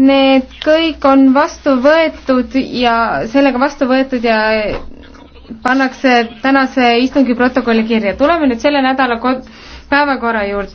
Need kõik on vastu võetud ja sellega vastu võetud ja pannakse tänase istungi protokolli kirja. tuleme nüüd selle nädala päevakorra juurde.